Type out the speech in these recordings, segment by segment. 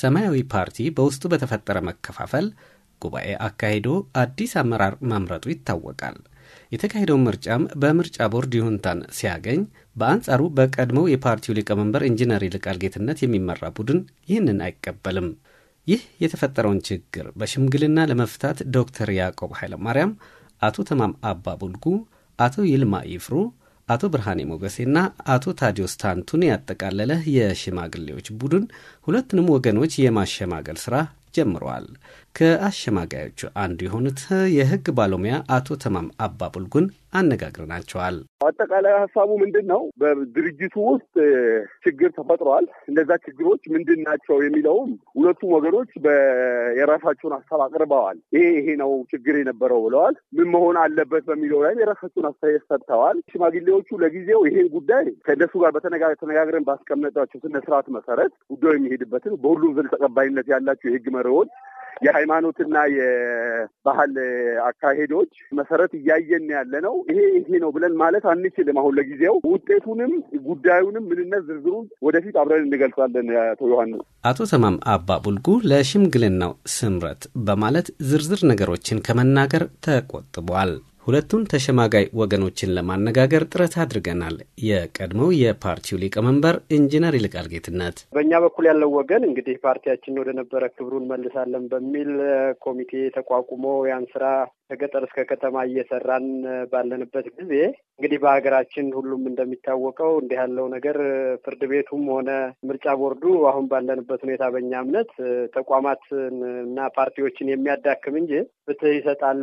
ሰማያዊ ፓርቲ በውስጡ በተፈጠረ መከፋፈል ጉባኤ አካሂዶ አዲስ አመራር መምረጡ ይታወቃል። የተካሄደው ምርጫም በምርጫ ቦርድ ይሁንታን ሲያገኝ፣ በአንጻሩ በቀድሞው የፓርቲው ሊቀመንበር ኢንጂነር ይልቃል ጌትነት የሚመራ ቡድን ይህንን አይቀበልም። ይህ የተፈጠረውን ችግር በሽምግልና ለመፍታት ዶክተር ያዕቆብ ኃይለማርያም፣ አቶ ተማም አባ ቡልጉ፣ አቶ ይልማ ይፍሩ አቶ ብርሃኔ ሞገሴና አቶ ታዲዮስ ታንቱን ያጠቃለለ የሽማግሌዎች ቡድን ሁለቱንም ወገኖች የማሸማገል ስራ ጀምረዋል። ከአሸማጋዮቹ አንዱ የሆኑት የህግ ባለሙያ አቶ ተማም አባቡልጉን አነጋግረናቸዋል። አጠቃላይ ሀሳቡ ምንድን ነው? በድርጅቱ ውስጥ ችግር ተፈጥረዋል። እነዛ ችግሮች ምንድን ናቸው የሚለውም ሁለቱም ወገኖች የራሳቸውን ሀሳብ አቅርበዋል። ይሄ ይሄ ነው ችግር የነበረው ብለዋል። ምን መሆን አለበት በሚለው ላይም የራሳቸውን አስተያየት ሰጥተዋል። ሽማግሌዎቹ ለጊዜው ይሄን ጉዳይ ከእነሱ ጋር በተነጋግረን ባስቀመጧቸው ስነ መሰረት ጉዳዩ የሚሄድበትን በሁሉም ዘንድ ተቀባይነት ያላቸው የህግ መ መሪዎች የሃይማኖትና የባህል አካሄዶች መሰረት እያየን ያለ ነው። ይሄ ይሄ ነው ብለን ማለት አንችልም። አሁን ለጊዜው ውጤቱንም ጉዳዩንም ምንነት ዝርዝሩን ወደፊት አብረን እንገልጻለን። አቶ ዮሐንስ አቶ ተማም አባ ቡልጉ ለሽምግልናው ስምረት በማለት ዝርዝር ነገሮችን ከመናገር ተቆጥቧል። ሁለቱን ተሸማጋይ ወገኖችን ለማነጋገር ጥረት አድርገናል። የቀድሞው የፓርቲው ሊቀመንበር ኢንጂነር ይልቃል ጌትነት በእኛ በኩል ያለው ወገን እንግዲህ ፓርቲያችን ወደነበረ ክብሩን መልሳለን በሚል ኮሚቴ ተቋቁሞ ያን ስራ ከገጠር እስከ ከተማ እየሰራን ባለንበት ጊዜ እንግዲህ በሀገራችን ሁሉም እንደሚታወቀው እንዲህ ያለው ነገር ፍርድ ቤቱም ሆነ ምርጫ ቦርዱ አሁን ባለንበት ሁኔታ በእኛ እምነት ተቋማት እና ፓርቲዎችን የሚያዳክም እንጂ ፍትህ ይሰጣል፣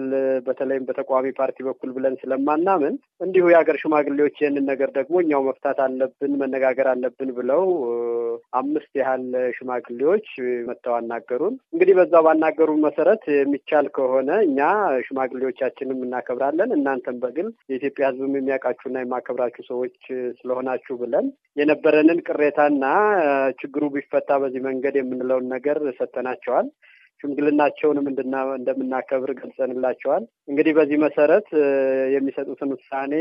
በተለይም በተቃዋሚ ፓርቲ በኩል ብለን ስለማናምን እንዲሁ የሀገር ሽማግሌዎች ይህንን ነገር ደግሞ እኛው መፍታት አለብን፣ መነጋገር አለብን ብለው አምስት ያህል ሽማግሌዎች መጥተው አናገሩን። እንግዲህ በዛ ባናገሩን መሰረት የሚቻል ከሆነ እኛ ሽማግሌዎቻችንም እናከብራለን። እናንተም በግል የኢትዮጵያ ህዝብም የሚያውቃችሁና የማከብራችሁ ሰዎች ስለሆናችሁ ብለን የነበረንን ቅሬታና ችግሩ ቢፈታ በዚህ መንገድ የምንለውን ነገር ሰጥተናቸዋል። ሽምግልናቸውንም እንደምናከብር ገልጸንላቸዋል። እንግዲህ በዚህ መሰረት የሚሰጡትን ውሳኔ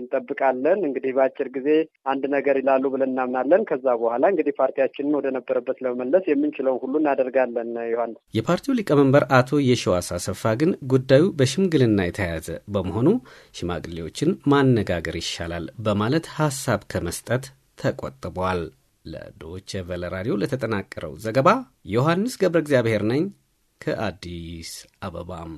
እንጠብቃለን። እንግዲህ በአጭር ጊዜ አንድ ነገር ይላሉ ብለን እናምናለን። ከዛ በኋላ እንግዲህ ፓርቲያችንን ወደ ነበረበት ለመመለስ የምንችለውን ሁሉ እናደርጋለን። ዮሐንስ፣ የፓርቲው ሊቀመንበር አቶ የሸዋስ አሰፋ ግን ጉዳዩ በሽምግልና የተያያዘ በመሆኑ ሽማግሌዎችን ማነጋገር ይሻላል በማለት ሀሳብ ከመስጠት ተቆጥቧል። ለዶቼ ቨለ ራዲዮ ለተጠናቀረው ዘገባ ዮሐንስ ገብረ እግዚአብሔር ነኝ ከአዲስ አበባም